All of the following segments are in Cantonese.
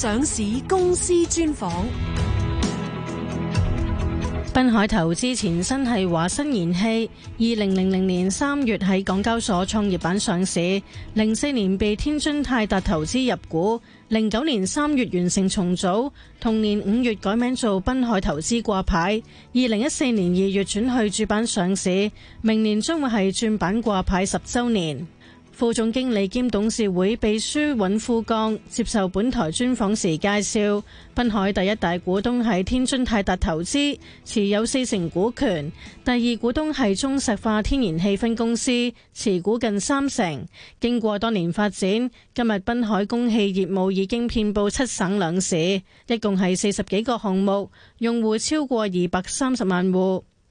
上市公司專訪。濱海投資前身係華新燃氣，二零零零年三月喺港交所創業板上市，零四年被天津泰達投資入股，零九年三月完成重組，同年五月改名做濱海投資掛牌，二零一四年二月轉去主板上市，明年將會係轉板掛牌十周年。副總經理兼董事會秘書尹富剛接受本台專訪時介紹，濱海第一大股東係天津泰達投資，持有四成股權；第二股東係中石化天然氣分公司，持股近三成。經過多年發展，今日濱海供氣業務已經遍布七省兩市，一共係四十幾個項目，用戶超過二百三十萬戶。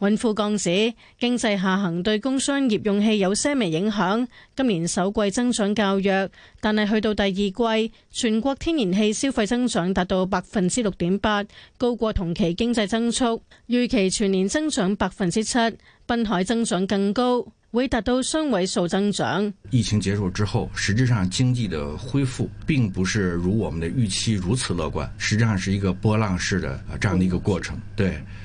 尹富鋼指，經濟下行對工商業用氣有些微影響。今年首季增長較弱，但係去到第二季，全國天然氣消費增長達到百分之六點八，高過同期經濟增速。預期全年增長百分之七，濱海增長更高，會達到雙位數增長。疫情結束之後，實質上經濟的恢復並不是如我們的預期如此樂觀，實際上是一個波浪式的這樣的一個過程。對。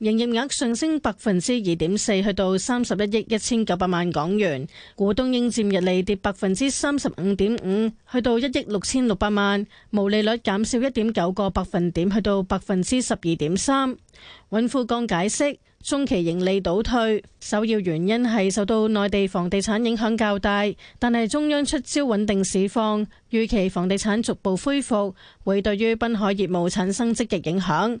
營業額上升百分之二點四，去到三十一億一千九百萬港元。股東應佔溢利跌百分之三十五點五，去到一億六千六百萬。毛利率減少一點九個百分點，去到百分之十二點三。尹富鋼解釋，中期盈利倒退，首要原因係受到內地房地產影響較大，但係中央出招穩定市況，預期房地產逐步恢復會對於濱海業務產生積極影響。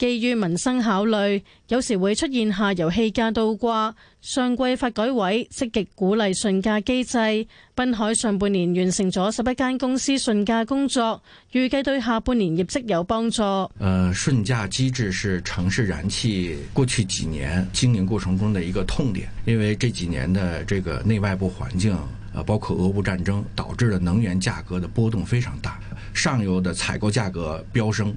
基於民生考慮，有時會出現下游氣價倒掛。上季發改委積極鼓勵順價機制，濱海上半年完成咗十一間公司順價工作，預計對下半年業績有幫助。呃，順價機制是城市燃氣過去幾年經營過程中的一個痛點，因為這幾年的這個內外部環境，啊，包括俄烏戰爭，導致了能源價格的波動非常大，上游的採購價格飆升。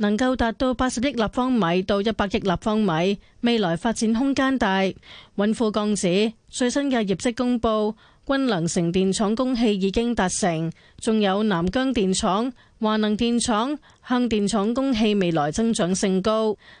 能夠達到八十億立方米到一百億立方米，未來發展空間大。尹富鋼指，最新嘅業績公布，均能成電廠供氣已經達成，仲有南疆電廠、華能電廠、向電廠供氣，未來增長性高。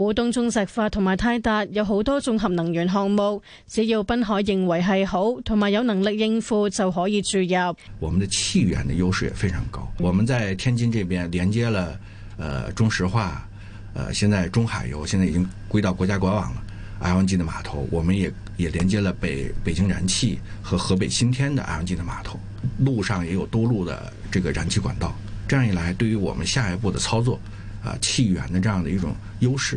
股東中石化同埋泰達有好多綜合能源項目，只要濱海認為係好同埋有能力應付就可以注入。我們的氣源的優勢也非常高，我們在天津這邊連接了，呃中石化，呃現在中海油現在已經歸到國家管網了 LNG 的碼頭，我們也也連接了北北京燃氣和河北新天的 LNG 的碼頭，路上也有多路的這個燃氣管道，這樣一來對於我們下一步的操作，啊、呃、氣源的這樣的一種優勢。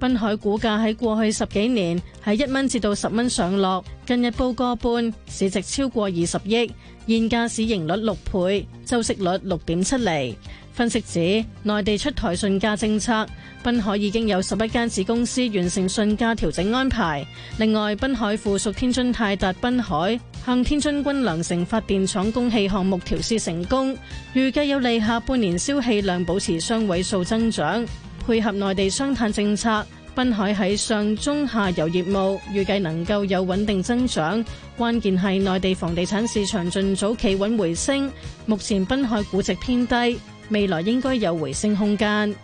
濱海股價喺過去十幾年喺一蚊至到十蚊上落，近日報個半，市值超過二十億，現價市盈率六倍，周息率六點七厘。分析指內地出台順價政策，濱海已經有十一間子公司完成順價調整安排。另外，濱海附屬天津泰達濱海向天津軍糧城發電廠供氣項目調試成功，預計有利下半年銷氣量保持雙位數增長。配合內地雙碳政策，濱海喺上中下游業務預計能夠有穩定增長。關鍵係內地房地產市場盡早企穩回升，目前濱海估值偏低，未來應該有回升空間。